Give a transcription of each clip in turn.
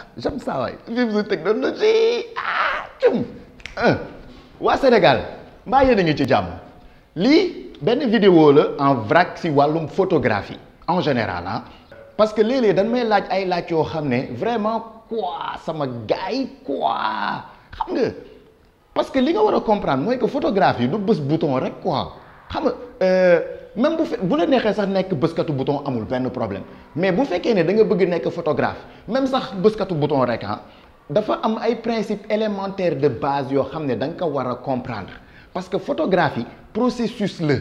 ah j'aime ça waay vive la technologie ah cum waa Sénégal mbaa yéen ngi ci jàmm lii benn vidéo la en vrac si wàllum photographie en général ah. parce que léeg-léeg dañ may laaj ay laaj yoo xam ne vraiment quoi sama gars quoi xam nga parce que li nga war a comprendre mooy que photographie du bës bouton rek quoi xam euh, même bu fe bu la neexee sax nekk bëskatu bouton amul benn problème mais bu fekkee ne danga bëgg nekk photographe même sax bëskatu bouton rek ah dafa am ay principe élémentaire de base yoo xam ne danga ko war a comprendre parce que photographie processus la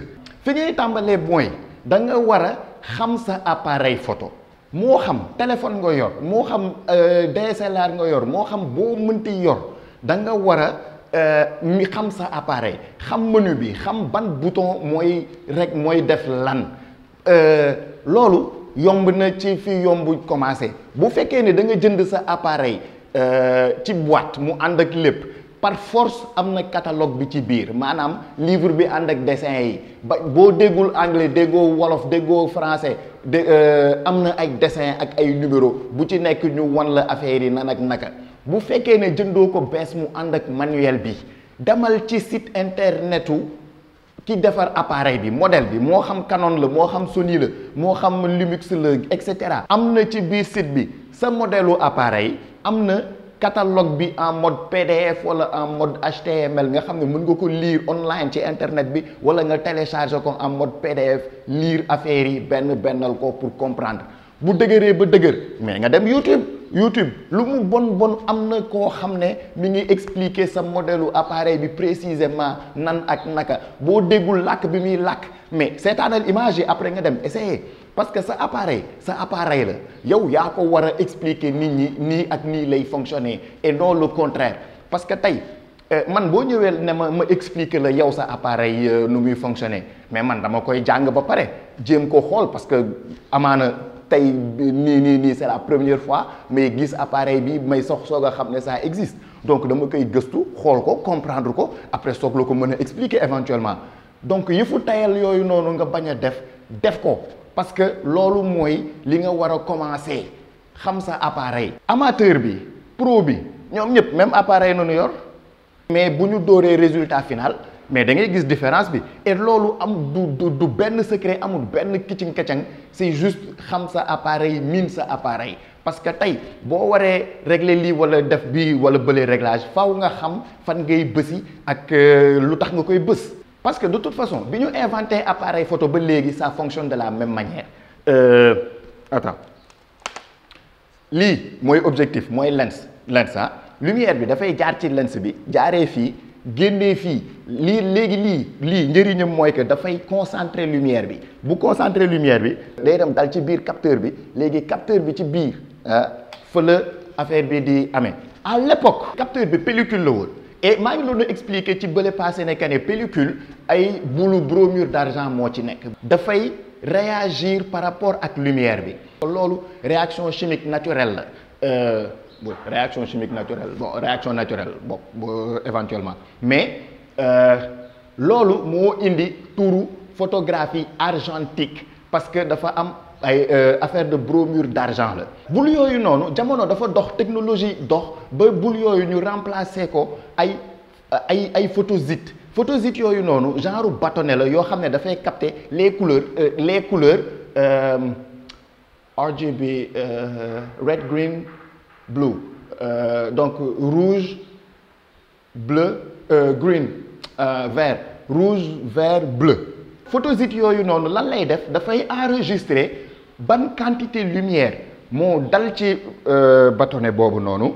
fi ngay tàmbalee mooy da nga war a xam sa appareil photo moo xam téléphone nga yor moo xam euh, DSLR nga yor moo xam boo mënti yor da war Euh, mi xam sa appareil xam menu bi xam ban bouton mooy rek mooy def lan euh, loolu yomb na ci fi yomb commencé bu fekkee ni da nga jënd sa appareil euh, ci boîte mu ànd ak lépp par force am na catalogue bi ci biir maanaam livre bi ànd ak dessin yi ba boo déggul anglais déggoo wolof déggoo français de am na ay dessin ak ay numéro bu ci nekk ñu wan la affaire yi nan ak naka bu fekkee ne jëndoo ko bees mu ànd ak manuel bi demal ci sit internetu ki defar appareil bi modèle bi moo xam Canon la moo xam Sony la moo xam Lumix la et cetera. am na ci biir site bi sa modelu appareil am na catalogue bi en mode PDF wala en mode HTML nga xam ne mun nga ko lire online ci internet bi wala nga télécharger ko en mode PDF lire affaire yi benn bennal ko pour comprendre bu dëgëree ba dëgër mais nga dem YouTube. YouTube lu mu bon bon am na koo xam ne mi ngi expliquer sa modèle appareil bi précisément nan ak naka boo déggul làkk bi muy làkk mais seetaanal image yi après nga dem essayer parce que sa appareil sa appareil la yow yaa ko war a expliquer nit ñi nii ak nii lay fonctionner et non le contraire parce que tey euh, man boo ñëwee ne ma ma expliquer la yow sa appareil euh, nu muy fonctionner mais man dama koy jàng ba pare jéem ko xool parce que amaana. tey nii nii nii c'est la première fois may gis appareil bi may sox soog a xam ne ça existe donc dama koy gëstu xool ko comprendre ko après soog la ko mën a expliquer éventuellement donc yëfu tayal yooyu noonu nga bañ a def def ko parce que loolu mooy li nga war a commencer xam sa appareil. amateur bi pro bi ñoom ñëpp même appareil nanu yor mais bu ñu dooree résultat final. mais da ngay gis différence bi et loolu am du du benn secret amul benn kicin kacang c'est juste xam sa appareil miin sa appareil parce que tey boo waree régler lii wala def bi wala bële réglage faw nga xam fan ngay bësi ak euh, lu tax nga koy bës parce que de toute façon bi ñu inventé appareil photo ba léegi ça fonctionne de la même manière euh lii mooy objectif mooy lens lens ah lumière bi dafay jaar ci lens bi jaaree fii génnee fii lii léegi lii lii njëriñam mooy que dafay concentrer lumière bi bu concentrer lumière bi day dem dal ci biir capteur bi léegi capteur bi ci biir ah, fa la affaire bi di amee à l'époque capteur bi pellicule la woon et maa ngi doon expliquer ci bële passé ne que ne pellicule ay boulu bromure d'argent moo ci nekk dafay réagir par rapport ak lumière bi loolu réaction chimique naturelle la euh, oui réaction chimique naturelle bon réaction naturelle bon éventuellement mais euh, loolu moo indi turu photographie argentique parce que dafa am ay euh, affaire de bromure d'argent la bul yooyu noonu jamono dafa dox technologie dox ba bul yooyu ñu remplacer ko ay ay ay photosite photosite yooyu noonu genre bâtonnet la yoo xam ne dafay capter les couleurs euh, les couleurs RGB red green blue. Euh, donc rouge, bleu, euh, green, euh, vert. Rouge, vert, bleu. Photosite yooyu noonu lan lay def dafay enregistrer ban quantité lumière moo dal ci euh, bâtonnet boobu noonu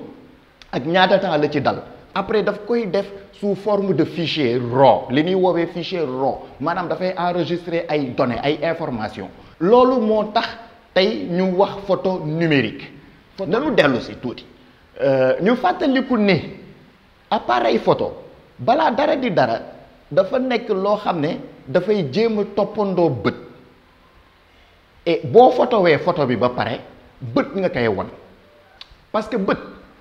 ak ñaata temps la ci dal après daf koy def sous forme de fichier raw li ñuy woowee fichier raw maanaam dafay enregistrer ay données ay informations loolu moo tax tey ñu wax photo numérique. nanu dellu si tuuti euh, ñu fàttaliku ne appareil photo balaa dara di dara dafa nekk loo xam ne dafay jéem a toppandoo bët et boo fotowee photo bi ba pare bët nga koy won parce que bët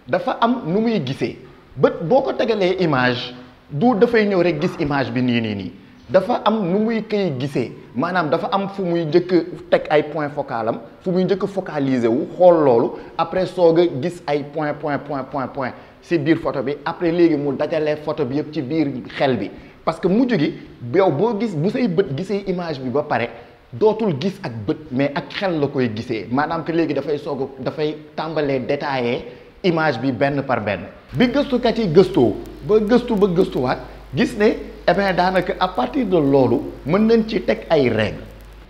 dafa am nu muy gisee bët boo ko tegalee image du dafay ñëw rek gis image bi nii nii nii dafa am nu muy koy gisee maanaam dafa am fu muy njëkk teg ay point focal am fu muy njëkk focaliser wu xool loolu après soog a gis ay point point point point point si biir photo bi après léegi mu dajalee photo bi yëpp ci biir xel bi parce que mujj gi yow boo gis bu say bët gisee image bi ba pare dootul gis ak bët mais ak xel la koy gisee maanaam que léegi dafay soog dafay tàmbalee détaillé image bi benn par benn bi gëstukat gëstoo ba gëstu ba gëstuwaat gis ne eh daanaka à partir de loolu mën nañ ci teg ay règles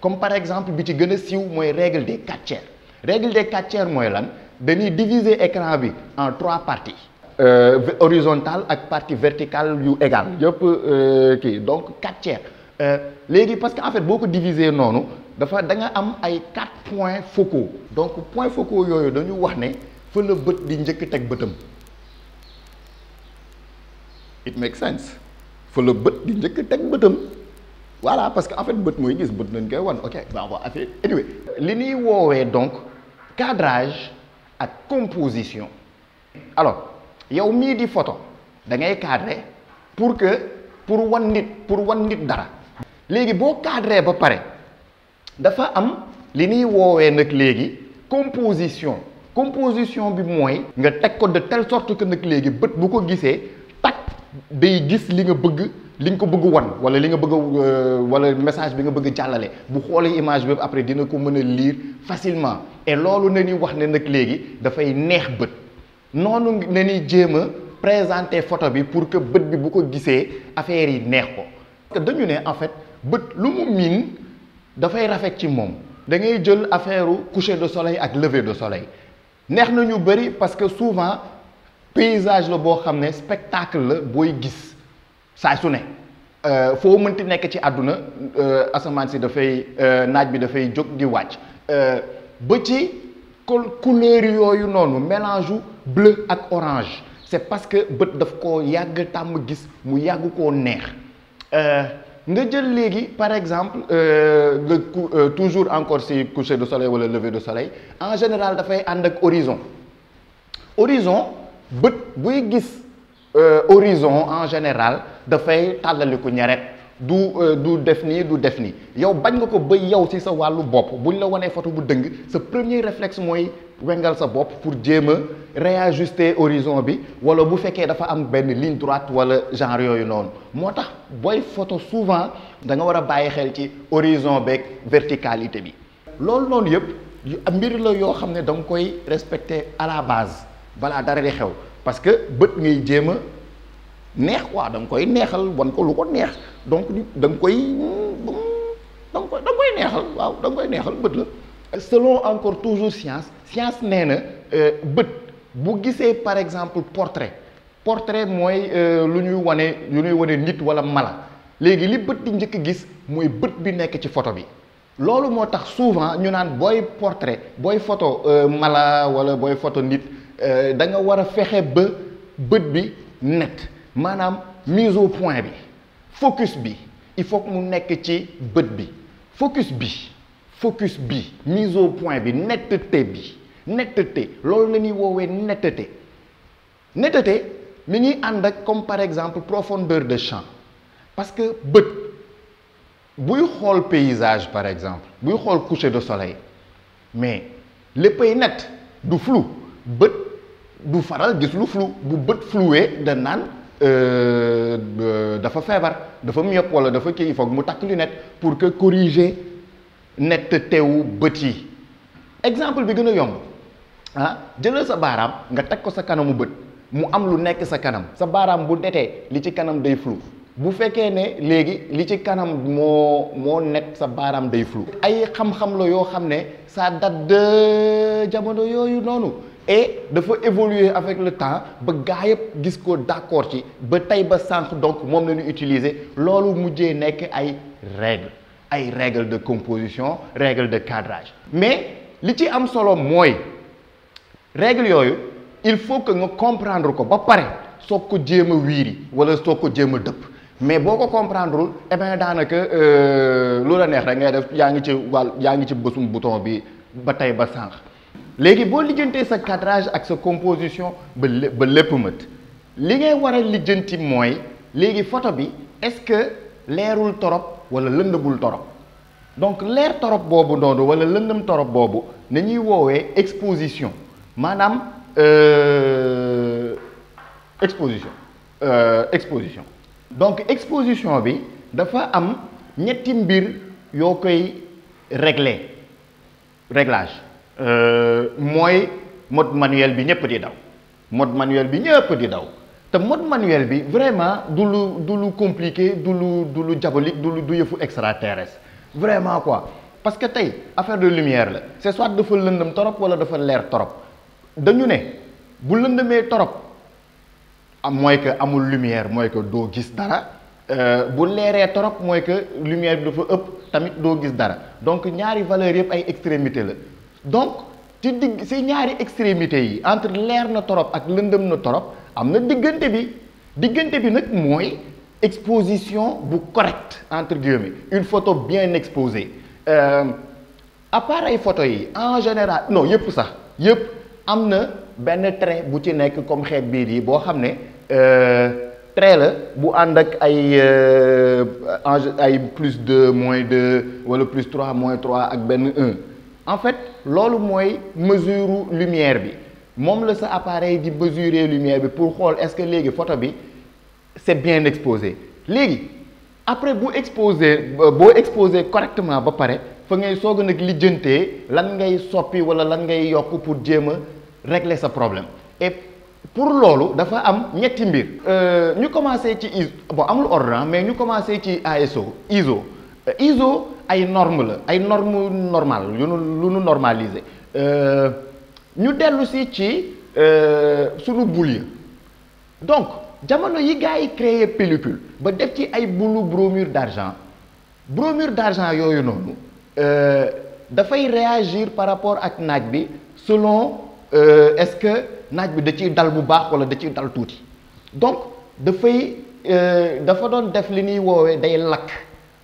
comme par exemple bi ci gën a siiw mooy règle des quatre tiers règle des quatre mooy lan dañuy diviser écran bi en trois parties euh, horizontale ak partie verticale yu égal yëpp euh, kii donc quatre tiers euh, léegi parce que en fait boo ko diviser noonu dafa da nga am ay quatre points focaux donc point focaux yooyu dañu wax ne fa bët di njëkk teg bëtam it makes sense fa la bët di njëkk teg bëtam voilà parce que en fait bët mooy gis bët nañ koy wan ok baa ko affaire li nuy woowee donc cadrage ak composition alors yow mii di photo da ngay cadrer pour que pour wan nit pour wan nit dara léegi boo cadré ba pare dafa am li ñuy woowee nag léegi composition composition bi mooy nga teg ko de telle sorte que nag léegi bët bu ko gisee day gis li nga bëgg li nga ko bëgg wan wala li nga bëgg euh, wala message bi nga bëgg jàllale bu xoolee image bi après dina ko mën a liir facilement et loolu na ñuy wax ne nag léegi dafay neex bët noonu na ñuy jéem a présenter photo bi pour que bët bi bu ko gisee affaire yi neex ko parce dañu ne en fait bët lu mu miin dafay rafet ci moom da ngay jël affaire coucher de soleil ak lever de soleil neex na ñu bëri parce souvent paysage la boo xam ne spectacle la booy gis saa su ne euh, foo mënti nekk ci àdduna euh, asamaan si dafay euh, naaj bi dafay jóg di wàcc ba ci couleur yooyu noonu mélange u bleu ak orange c'est parce que bët daf koo yàgg tàmm gis mu yàgg koo neex nga jël léegi par exemple nga toujours encore si coucher de soleil wala lever de soleil en général dafay ànd ak horizon horizon bët buy gis euh, horizon en général dafay tàllaliku ñaret du euh, du def nii du def nii yow bañ nga ko ba yow si sa wàllu bopp bu ñu la wanee photo bu dëng sa premier réflexe mooy wengal sa bopp pour jéema a réajuster horizon bi wala bu fekkee dafa am benn ligne droite wala genre yooyu noonu moo tax booy photo souvent da nga war a bàyyi xel ci horizon beeg verticalité bi loolu noonu yëpp mbir la yoo xam ne da nga koy respecter à la base balaa dara di xew parce que bët ngay jéem a neex waa danga koy neexal wan ko lu ko neex donc da nga koy da nga koy neexal waaw da nga koy neexal bët la. selon encore toujours science science nee na euh, bët bu gisee par exemple portrait portrait mooy euh, lu ñuy wane lu ñuy wane nit walla mala léegi li bët di njëkk gis mooy bët bi nekk ci photo bi. loolu moo tax souvent ñu naan booy portrait booy photo euh, mala walla booy photo nit. Euh, da nga war a fexe ba bët bi net maanaam mise point bi focus bi il faut mu nekk ci bët bi focus bi focus bi mise au point bi netteté bi netteté loolu la ñuy woowee netteté netteté mi ñuy ànd ak comme par exemple profondeur de champ parce que bët buy xool paysage par exemple buy xool coucher de soleil mais léppay net du flou bët du faral gis lu flou bu bët floué da naan euh, dafa feebar dafa myope wala dafa kii il faut mu takk lunette pour que corriger nettetewu bët yi exemple bi gën a yomb ah jëlal sa baaraam nga teg ko sa kanamu bët mu am lu nekk sa kanam sa baaraam bu detee li ci kanam day flou bu fekkee ne léegi li ci kanam moo moo nekk sa baaraam day flou ay xam-xam la yoo xam ne ça date jamono yooyu noonu et dafa évoluer avec le temps ba gaa yëpp gis ko d'accord ci ba tey ba sànq donc moom la ñu utiliser loolu mujjee nekk ay règles ay règles de composition règles de cadrage mais li ci am solo mooy règles yooyu il faut que nga comprendre ko ba pare soo ko jéem a wiiri wala soo ko jéem a dëpp mais boo ko comprendre eh daanaka euh, lu la neex rek ngay def yaa ngi ci wàll yaa ngi ci bësum bouton bi ba tey ba sànq léegi boo liggantee sa cadrage ak sa composition ba ba lépp mët li ngay war a lijjanti mooy léegi photo bi est-ce que leerul torop wala lëndëmul torop donc leer torop boobu noonu wala lëndëm torop boobu na ñuy woowee exposition maanaam euh, exposition euh, exposition donc exposition bi dafa am ñetti mbir yoo koy régler réglage Euh, mooy mode manuel bi ñëpp di daw mode manuel bi ñëpp di daw te mode manuel bi vraiment du lu du lu compliqué du lu du lu diabolique du lu du yëfu extraterrestre vraiment quoi parce que tey affaire de lumière la c'est soit dafa lëndëm torop wala dafa leer torop dañu ne bu lëndëmee torop am mooy que amul lumière mooy que doo gis dara euh, bu leeree torop mooy que lumière bi dafa ëpp tamit doo gis dara donc ñaari valeurs yëpp ay extrémité la donc ci digg si ñaari extrémité yi entre leer na torop ak lëndëm na torop am na diggante bi diggante bi nag mooy exposition bu correct entre guillemets une photo bien exposée euh, appareil photo yi en général non yëpp sax yëpp am na benn trait bu ci nekk comme xeet biir yi boo xam ne euh, trait la bu ànd ak ay euh, ay plus deux moins deux wala plus trois moins trois ak benn un en fait loolu mooy mesure lumière bi moom la sa appareil di mesurer lumière bi pour xool est-ce que léegi photo bi c'est bien exposé léegi après bu exposé boo exposé correctement ba pare fa ngay soog a nag lijjantee lan ngay soppi walla lan ngay yokk pour jéem a régler sa problème et pour loolu dafa am ñetti mbir. Euh, ñu commencé ci ISO bon amul ordre mais ñu commencé ci ASO ISO euh, ISO. ay norme la ay norme normal yu nu lu nu normalisé euh, ñu dellu si ci euh, sunu bul yi donc jamono yi gars yi créé pellicule ba def ci ay bulu bromure d'argent bromure d'argent yooyu noonu euh, dafay réagir par rapport ak naaj bi selon est-ce que naaj bi da ciy dal bu baax walla da ciy dal tuuti donc dafay dafa doon def li ñuy woowee day lakk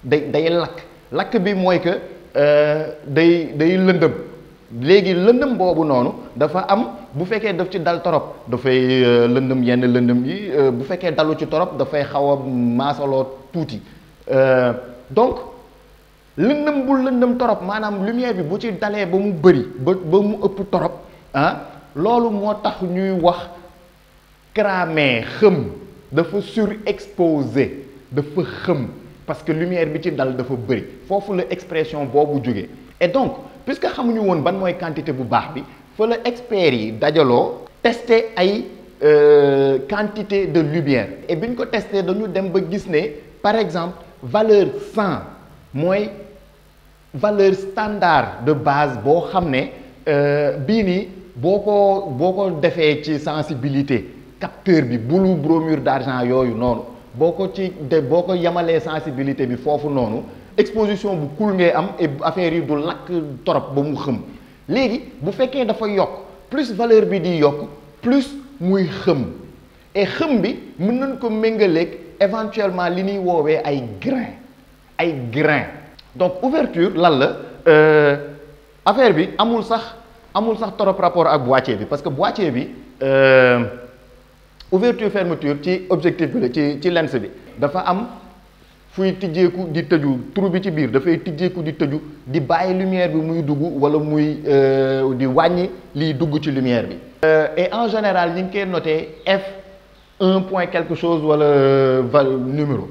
day day lakk lakk bi mooy que euh, day day lëndëm léegi lëndëm boobu noonu dafa am bu fekkee daf ci dal torop dafay euh, lëndëm yenn lëndëm yi euh, bu fekkee dalu ci torop dafay xaw a maasaloo tuuti donc lëndëm bu lëndëm torop maanaam lumière bi bu ci dalee ba mu bëri ba ba mu ëpp torop ah loolu moo tax ñuy wax cramé xëm dafa surexposé dafa xëm parce que lumière bi ci dal dafa bëri foofu la expression boobu jógee et donc puisque xamuñu woon ban mooy quantité bu baax bi fa la experts yi dajaloo tester ay euh, quantité de lumière et bi ñu ko tester dañu dem ba gis ne par exemple valeur 100 mooy valeur standard de base boo xam ne euh, bii nii boo ko boo ko defee ci sensibilité capteur bi bulu bromure d'argent yooyu noonu boo ko ci de boo ko yemalee sensibilité bi foofu noonu exposition bu cool ngay am et affaire yi du lakk torop ba mu xëm léegi bu fekkee dafa yokk plus valeur bi di yokk plus muy xëm et xëm bi mun nañ ko méngaleeg éventuellement li nuy woowee ay grain ay grain donc ouverture lan la euh, affaire bi amul sax amul sax trop rapport ak boîtier bi parce que boîtier bi euh, ouverture fermeture ci objectif bi la ci ci lens bi dafa am fuy tijjeeku di tëju trou bi ci biir dafay tijjeeku di tëju di bàyyi lumière bi muy dugg wala muy euh, di wàññi liy dugg ci lumière bi euh, et en général ñu ngi koy noté f un point quelque chose wala euh, numéro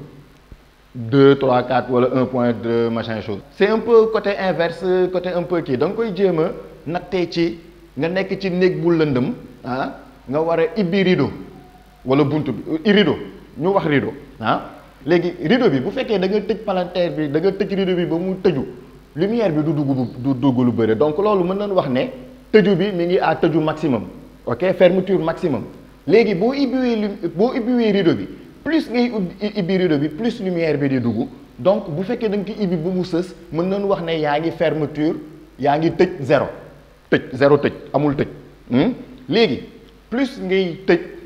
deux trois quatre wala un point deux machin chose c'est un peu côté inverse côté un peu kii da nga koy jéem a nattee ci nga nekk ci néeg bu lëndëm ah nga war a ibbi wala bunt bi rideau ñu wax rideau ah léegi rideau bi bu fekkee da nga tëj palanteer bi danga nga tëj rideau bi ba mu tëju lumière bi du dugg du dugg lu bëri donc loolu mën nañu wax ne tëju bi mi ngi à tëju maximum ok fermeture maximum léegi boo ibbiwee lu boo ibbiwee rideau bi plus ngay ibbi rideau bi plus lumière bi di dugg donc bu fekkee danga nga ko ibbi ba mu sës mën nañu wax ne yaa ngi fermeture yaa ngi tëj zéro tëj zéro tëj amul tëj hmm. léegi plus ngay tëj.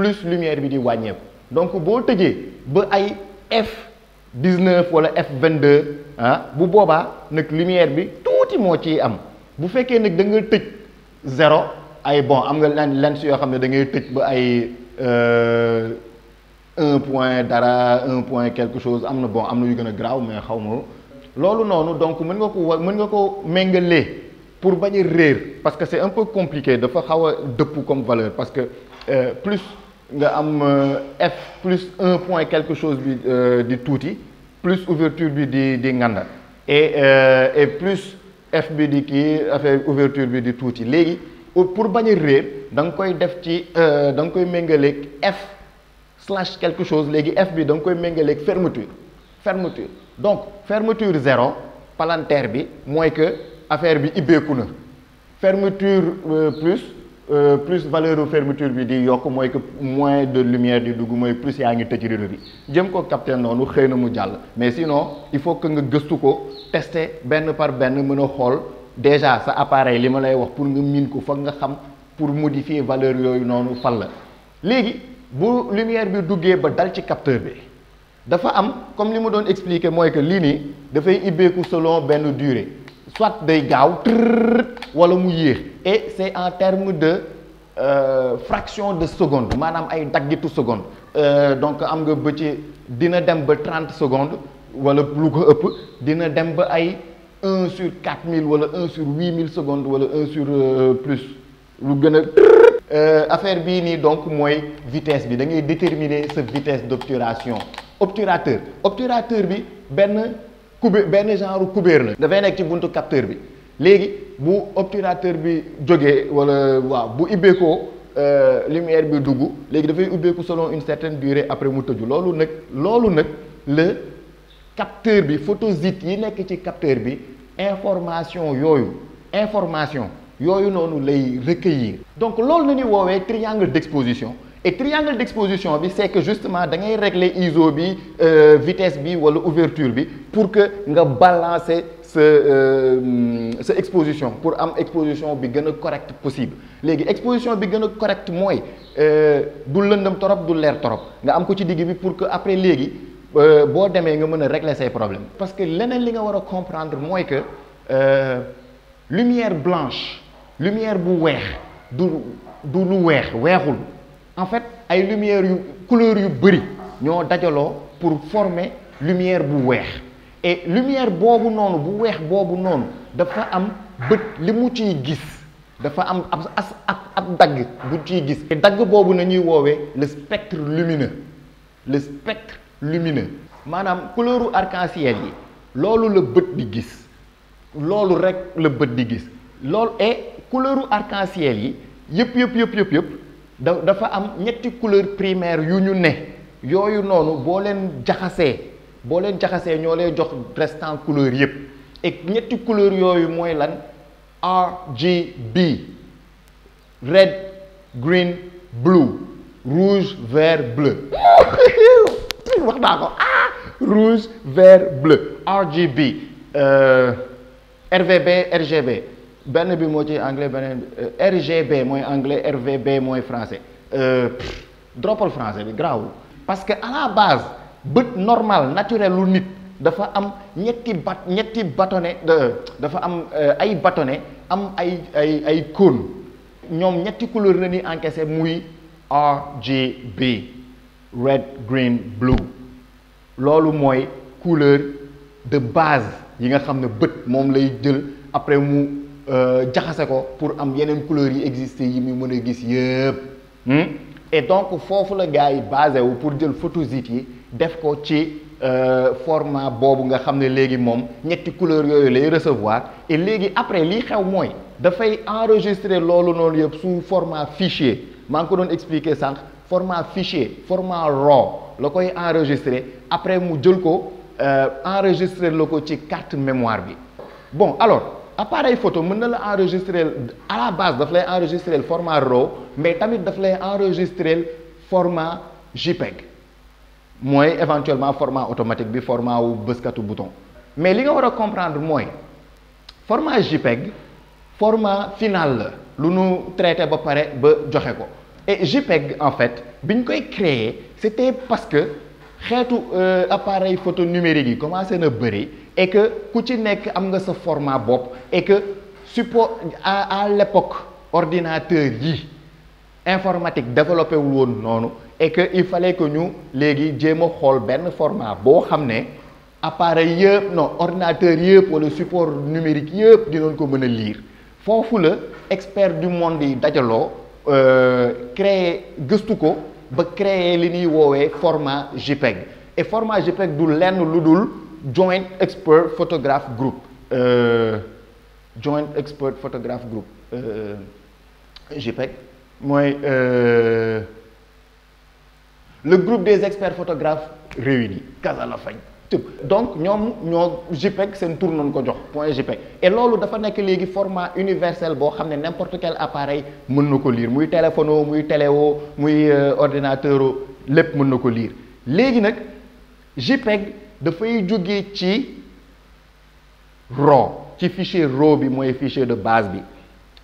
plus lumière bi di wàññeeku donc boo tëjee ba ay f 19 wala f 22 ah bu boobaa nag lumière bi tuuti moo ciy am bu fekkee nag da nga tëj zéro ay bon am nga lan lens yoo xam ne da ngay tëj ba ay euh, un point dara un point quelque chose am na bon am na yu gën a graaw mais xaw ma loolu noonu donc mën nga ko mën nga ko méngalee pour bañ a réer parce que c'est un peu compliqué dafa xaw dëpp comme valeur parce que euh, plus nga am euh, f plus un point quelque chose bi euh, di tuuti plus ouverture bi di di nganda et euh, et plus f bi di kii affaire ouverture bi di tuuti léegi pour bañ réer da nga koy def ci da nga koy méngaleeg f slash quelque chose léegi f bi da nga koy méngaleeg fermeture fermeture donc fermeture zéro palanteer bi mooy que affaire bi ibbeeku na fermeture plus Euh, plus valeur fermeture bi di yokk mooy que moins de lumière di dugg mooy plus yaa ngi tëj rido bi jëm ko capter noonu xëy na mu jàll mais sinon il faut que nga gëstu ko teste benn par benn mën a xool déjà sa appareil li ma lay wax pour nga miin ko foog nga xam pour modifier valeur yooyu noonu fan la léegi bu lumière bi duggee ba dal ci capteur bi dafa am comme li ma doon expliquer mooy que lii nii dafay ibbeeku selon benn durée soit day gaaw wala mu yéex et c'est en terme de euh, fraction de seconde maanaam ay daggitu seconde euh, donc am nga ba ci dina dem ba trente secondes wala lu ko ëpp dina dem ba ay un sur quatre mille wala un sur huit mille seconde wala un sur euh, plus lu gën a euh, affaire bii nii donc mooy vitesse bi da ngay déterminer sa vitesse d'obturation obturateur obturateur bi benn kubé benn genre kubéer la dafay nekk ci buntu capteur bi léegi bu obturateur bi jóge wala waaw bu ibbeekoo euh, lumière bi dugg léegi dafay ubbeeku solo une certaine durée après mu tëju loolu nag loolu nag la capteur bi photosite yi nekk ci capteur bi information yooyu information yooyu noonu lay recueillir donc loolu la ñuy woowee triangle d'exposition et triangle d'exposition bi c'est que justement da ngay régler ISO bi euh, vitesse bi wala ouverture bi pour que nga balancer sa sa euh, exposition pour am exposition bi gën a correct possible léegi exposition bi gën a correct mooy euh, du lëndam torop du leer torop nga am ko ci digg bi pour que après léegi euh, boo demee nga mën a régler say problème parce que leneen li nga war a comprendre mooy que euh, lumière blanche lumière bu weex du lu weex weexul en fait ay lumières yu couleur yu bëri ñoo dajaloo pour former lumière bu weex et lumière boobu noonu bu weex boobu noonu dafa am bët li mu ciy gis dafa am ab as ab dagg bu ciy gis dagg boobu na ñuy woowee le spectre lumineux le spectre lumineux maanaam couleuru arc yi loolu la bët di gis loolu rek la bët di gis loolu et couleuru arc yi yëpp yëpp yëpp yëpp yëpp da dafa am ñetti couleur primaire yu ñu ne yooyu noonu boo leen jaxasee boo leen jaxasee ñoo lay jox restant couleur yëpp et ñetti couleur yooyu mooy lan RGB red green blue rouge vert bleu wax naa ko ah rouge vert bleu RGB euh, RGB benn bi moo ci anglais beneen euh, RGB mooy anglais RVB mooy français euh, droppal français bi garaawul parce que à la base bët normal naturel lu nit dafa am ñetti bat ñetti bâtonnet dafa am euh, ay bâtonnet am ay ay ay cône ñoom ñetti couleur la ñuy encaissé muy RGB red green blue loolu mooy couleur de base yi nga xam ne bët moom lay jël après mu Euh, jaxase ko pour am yeneen couleur yi existé yi mu mën a gis yëpp hmm? et donc foofu la gars yi basé wu pour jël photosite yi def ko ci euh, format boobu nga xam ne léegi moom ñetti couleurs yooyu lay recevoir et léegi après lii xew mooy dafay enregistrer loolu noonu yëpp su format fichier maa ngi ko doon expliquer sànq format fichier format raw la koy enregistrer après mu jël ko euh, enregistrer la ko ci carte mémoire bi bon alors appareil photo mën na la enregistrer à la base daf lay enregistrer format RAW mais tamit daf lay enregistrer format JPEG mooy éventuellement format automatique bi format wu bëskatu bouton mais li nga war a comprendre mooy format JPEG format final la lu nu traité ba pare ba joxe ko et JPEG en fait bi ñu koy créer c'était parce que xeetu euh, appareil photo numérique yi commencé na bëri. et que ku ci nekk am nga sa format bopp et que support à à l'époque ordinateur yi informatique développé wul woon noonu et que il fallait ko ñu léegi jéem a xool benn format boo xam ne appareil yëpp non ordinateur yëpp wala support numérique yëpp dinoon ko mën a lire foofu la expert du monde yi dajaloo euh, créer gëstu ko ba créer li ñuy woowee format JPEG et format JPEG du lenn lu dul. joint expert photograph group euh, joint expert photograph group euh, JPEG mooy euh, le groupe des experts photographes réunis Casa la fañ tëb donc ñoom ñoo JPEG seen tour noonu ko jox point JPEG et loolu dafa nekk léegi format universel boo xam ne n'importe quel appareil mën na ko liir muy téléphone muy télé muy ordinateur lépp mën na ko liir léegi nag JPEG dafay jóge ci raw ci fichier raw bi mooy fichier de base bi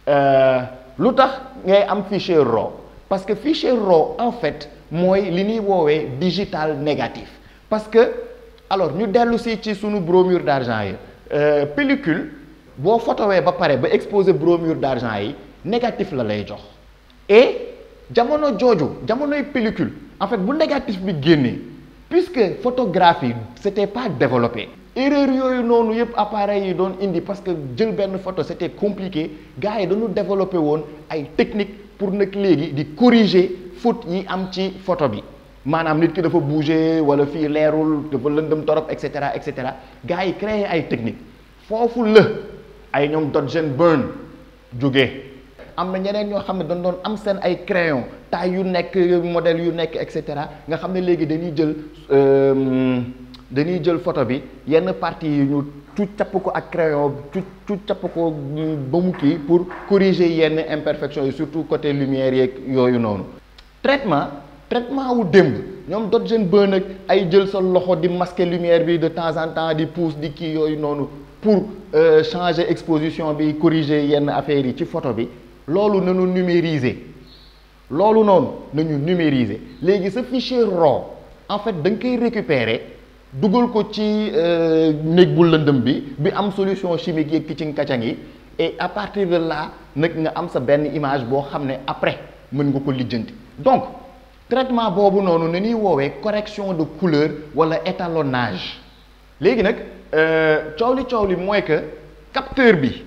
euh, lu tax ngay am fichier raw parce que fichier raw en fait mooy li ñuy woowee digital négatif parce que alors ñu dellu si ci sunu bromure d'argent yi euh, pellicule boo fotowee ba pare ba exposer bromure d'argent yi négatif la lay jox et jamono jooju jamonoy pellicule en fait bu négatif bi génnee puisque photographie c'était pas développé erreur yooyu noonu yëpp appareil yi doon indi parce que jël benn photo c'était compliqué gars yi dañu développe woon ay technique pour nag léegi di corriger faute yi am ci photo bi maanaam nit ki dafa bouger wala fii leerul dafa lëndëm torop et cetera et cetera gars yi créé ay technique foofu la ay ñoom Dodge and Burn jógee am na ñeneen ñoo xam ne dañ doon am seen ay créon taille yu nekk modèle yu nekk et cetera nga xam ne léegi dañuy jël euh, dañuy jël photo bi yenn partie yi ñu tu ko ak crayon tu tu ko ba mu kii pour corriger yenn imperfection yi surtout côté lumière yeeg yooyu noonu traitement traitement wu démb ñoom dot jeune bën ak ay jël sa loxo di masquer lumière bi de temps en temps di pousse di kii yooyu noonu pour euh, changer exposition bi corriger yenn affaires yi ci photo bi loolu nanu numériser loolu noonu nañu numériser léegi sa fichier raw en fait da nga koy récupérer dugal ko ci euh, néeg bu lëndëm bi bi am solution chimique yeeg kicin kacang yi et à partir de là nag nga am sa benn image boo xam ne après mën nga ko lijjanti donc traitement boobu noonu ni ñuy woowee correction de couleur walla étalonnage léegi nag euh, coow li coow li mooy que capteur bi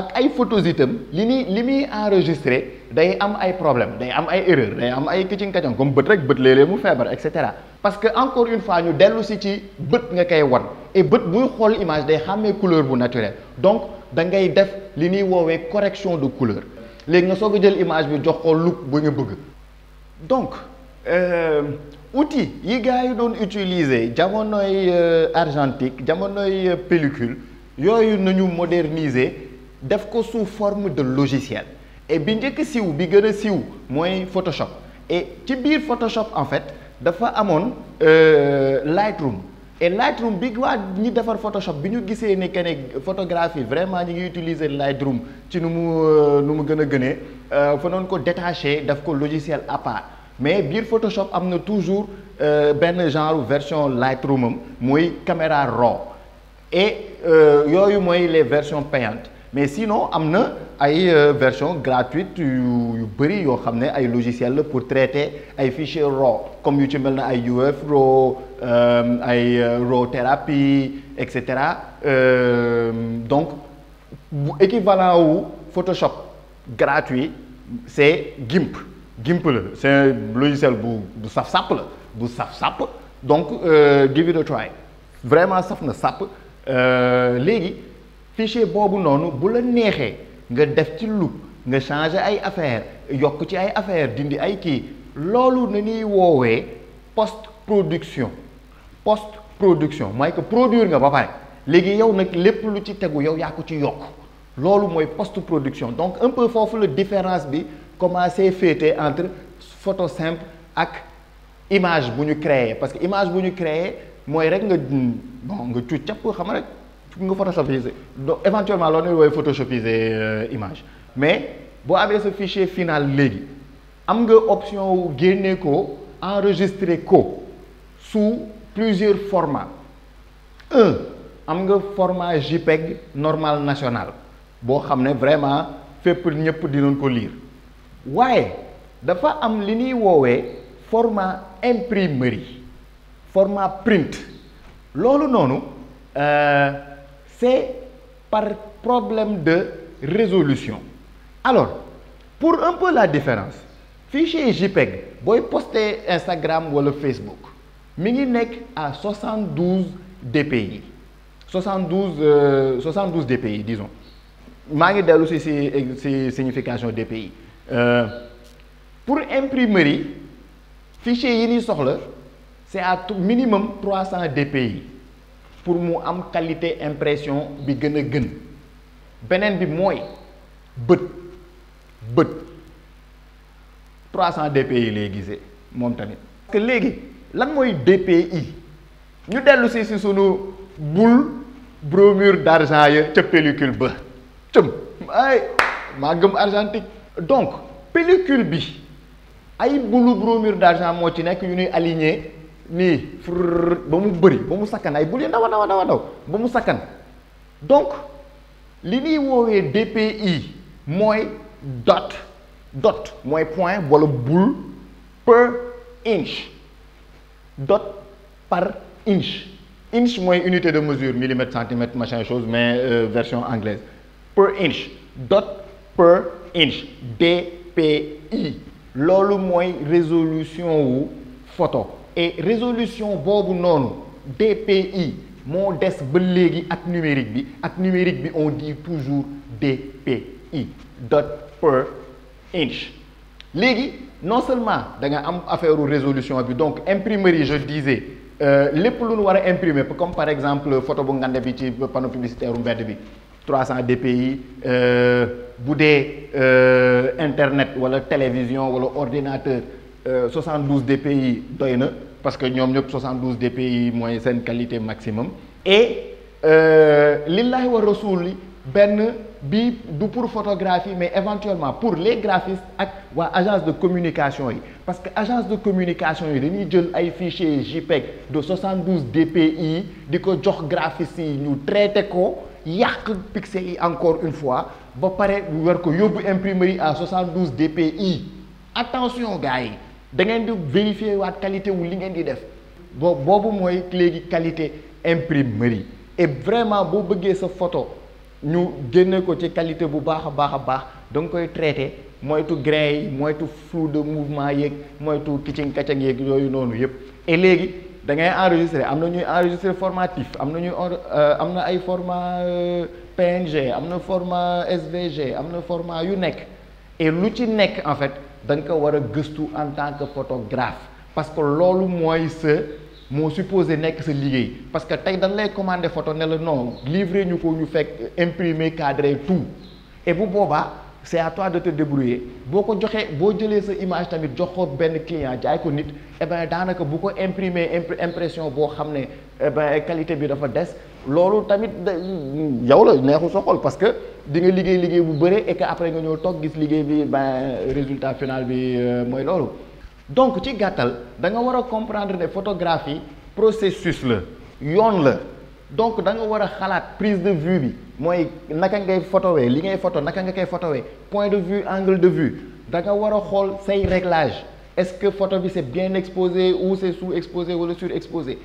ak ay photos itam li ni li muy enregistré day am ay problème day am ay erreur day am ay kicin kacang comme bët rek bët léeg-léeg mu feebar et cetera parce que encore une fois ñu dellu ci bët nga koy wan et bët buy xool image day xàmmee couleur bu naturel donc da ngay def li ñuy woowee correction de couleur léegi nga soog a jël image bi jox ko look bu nga bëgg donc euh, outil yi gars yi doon utiliser jamonoy euh, argentique jamonoy euh, pellicule yooyu ñu moderniser def ko sous forme de logiciel et bi njëkk siiw bi gën a siw mooy Photoshop et ci biir Photoshop en fait dafa amoon euh, Lightroom et Lightroom bi waa ñi defar Photoshop bi ñu gisee ne que ne photographie vraiment ñi ngi utiliser Lightroom ci nu mu euh, nu mu gën a gënee euh, fa noonu ko détaché daf ko logiciel à part mais biir Photoshop am na toujours benn genre version Lightroom am mooy caméra raw e yooyu mooy les version payantes mais sinon am na ay euh, version gratuite yu yu bëri yoo xam ne ay logiciel la pour traité ay fichier raw comme yu ci mel na ay UF raw euh, ay euh, raw thérapie et cetera donc bu équivalent wu Photoshop gratuit c'est GIMP GIMP la c'est logiciel bu bu saf sàpp la bu saf sàpp donc give it a try vraiment saf na sàpp léegi fichier boobu noonu bu la neexee nga def ci loup nga changer ay affaire yokk ci ay affaire dindi ay kii loolu na ñuy woowee post production post production mooy que produire nga ba pare léegi yow nag lépp lu ci tegu yow yaa ko ci yokk loolu mooy post production donc un peu foofu la différence bi commencé féete entre photo simple ak image bu ñu créer parce que image bu ñu créer mooy rek nga bon nga cuuc capp xam rek nga photoshopiser donc éventuellement loolu ñuy woowee photoshopiser euh, image mais boo amee sa fichier final léegi am nga option wu génne ko enregistrer ko sous plusieurs formats am nga format JPEG normal national boo xam ne vraiment fépp ñëpp dinañ ko liir waaye dafa am li ñuy woowee format imprimerie format print loolu noonu. Euh, c'est par problème de résolution alors pour un peu la différence fii gp JPEG booy posté Instagram wala Facebook mi ngi nekk à 72 dpi 72 euh, 72 dpi disons maa ngi dellu si si si signification dpi euh, pour imprimerie fichier yi ñuy soxla c'est à minimum 300 dpi pour mu am qualité impression bi gën a gën beneen bi mooy bët bët 300 DPI lay gisee moom tamit. parce léegi lan mooy DPI ñu dellu si si sunu boule bromure d' argent ya ca pellicule ba tëm ay maa gëm argentique. donc pellicule bi ay boule bromure d' moo ci nekk yu ñuy aligné. nii fur ba mu bëri ba mu sakkan ay bul yu ndaw ndaw ndaw ba mu sakkan donc li ñuy woowee DPI mooy dot dot mooy point wala bul per inch dot par inch inch mooy unité de mesure millimètre centimètre machin chose mais euh, version anglaise per inch dot per inch DPI loolu mooy résolution wu photo résolution boobu noonu DPI moo des ba léegi ak numérique bi ak numérique bi on dit toujours DPI dot per inch léegi non seulement da nga am affaire résolution bi donc imprimerie je disais euh, lépp lu nu war a comme par exemple photo bu ngande bi ci panneau publicitaire u mbedd bi trois 300 DPI euh, bu dee euh, internet wala télévision wala ordinateur 72 euh, DPI doy na parce que ñoom ñëpp 72 DPI mooy seen qualité maximum et euh, lillahi wa rasul benn bi du pour photographie mais éventuellement pour les graphistes ak waa agence de communication yi parce que agence de communication yi dañuy jël ay fichiers JPEG de 72 DPI di ko jox graphiste yi ñu traité ko yàq pixel yi encore une fois ba pare war ko yóbbu imprimerie à 72 DPI attention gars yi da ngeen di vérifier waat qualité wu li ngeen di def boo boobu mooy léegi qualité imprimerie et vraiment boo bëggee sa photo ñu génne ko ci qualité bu baax a baax a baax da nga koy traité moytu grain yi moytu flou de mouvement yeeg moytu kicin kacang yeeg yooyu noonu yëpp et léegi da ngay enregistré am na ñuy enregistré formatif am na ñuy euh, am na ay format euh, PNG am na format SVG am na format yu nekk et lu ci nekk en fait da nga ko war a gëstu en tant que photographe parce que loolu mooy sa moo supposé nekk sa liggéey parce que tey dañ lay commandé photo ne la non livré ñu ko ñu fekk imprimer cadré tout et bu boobaa c'est à toi de te débrouiller boo ko joxee boo jëlee sa image tamit jox ko benn client jaay ko nit eh daanaka bu ko imprimer impression boo xam ne eh ben qualité bi dafa des loolu tamit yow la neexu sa xol parce que di nga liggéey liggéey bu bëre et que après nga ñëw toog gis liggéey bi ben résultat final bi euh, mooy loolu donc ci gàttal da nga war a comprendre ne photographie processus la yoon la donc da nga war a xalaat prise de vue bi mooy naka ngay photowee li ngay photo naka nga koy photowee point de vue angle de vue da nga war a xool say réglage est-ce que photo bi c'est bien exposé ou c'est sous-exposé wala surexposé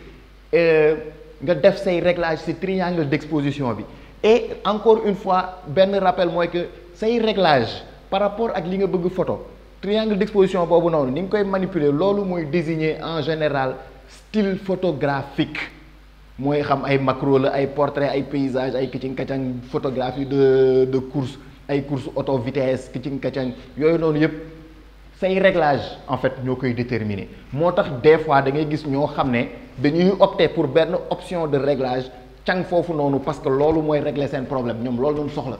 euh, nga def say réglage ci triangle d'exposition bi et encore une fois benn rappel mooy que say réglage par rapport ak li nga bëgg photo triangle d'exposition boobu noonu ni nga koy manipuler loolu mooy désigner en général style photographique mooy xam ay macro ay portrait ay paysage ay kicin kacang photographie de de course ay course auto vitesse kicin kacang yooyu noonu yëpp say réglage en fait ñoo koy déterminer moo tax des fois da ngay gis ñoo xam ne dañuy opter pour benn option de réglage can foofu noonu parce que loolu mooy régler seen problème ñoom loolu lañ soxla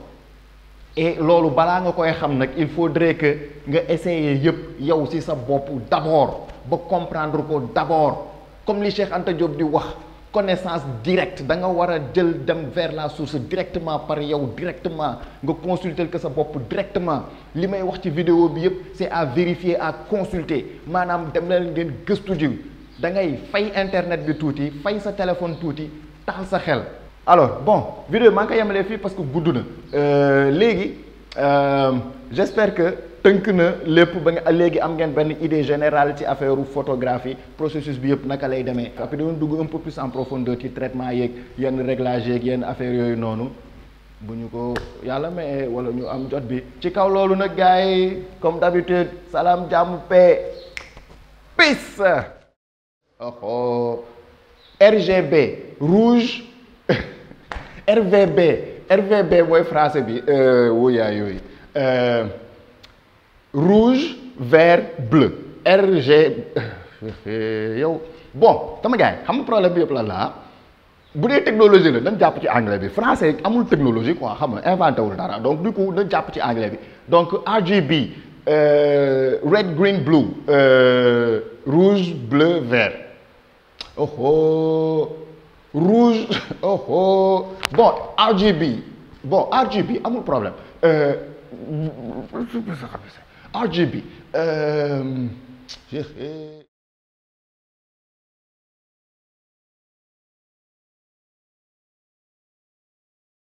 et loolu balaa nga koy xam nag il faudrait que nga essayer yëpp yow si sa bopp d'abord ba comprendre ko d'abord comme li Cheikh Anta Diop di wax connaissance directe da nga war a jël dem vers la source directement par yow directement nga consulter que sa bopp directement li may wax ci vidéo bi yëpp c'est à vérifier à consulter maanaam dem leen ngeen gëstu ji da ngay fay internet bi tuuti fay sa téléphone tuuti taxal sa xel alors bon vidéo maa ngi koy fii parce que gudd na euh, léegi euh, j'espère que tënk na lépp ba nga léegi am ngeen benn idée général ci affaire photographie processus bi yëpp naka lay demee après dañu dugg un peu plus en profondeur ci traitement yeeg yenn réglage yeeg yenn affaire yooyu noonu bu ñu ko yàlla mayee wala ñu am jot bi ci kaw loolu nag gars yi comme d'habitude salaam jàmm paix peace oh, oh. RGB rouge RVB RVB mooy français bi euh, wuyaa yooyu euh, rouge vert bleu RG yow bon sama gars yi xam nga problème bi yëpp la laa ah? bu dee technologie la nañ jàpp ci anglais bi français amul technologie quoi xam nga inventé wul dara donc du coup nañ jàpp ci anglais bi donc RGB euh, red green blue rouge bleu vert oh oh rouge oh oh bon RGB bon RGB amul problème euh, RGB euh,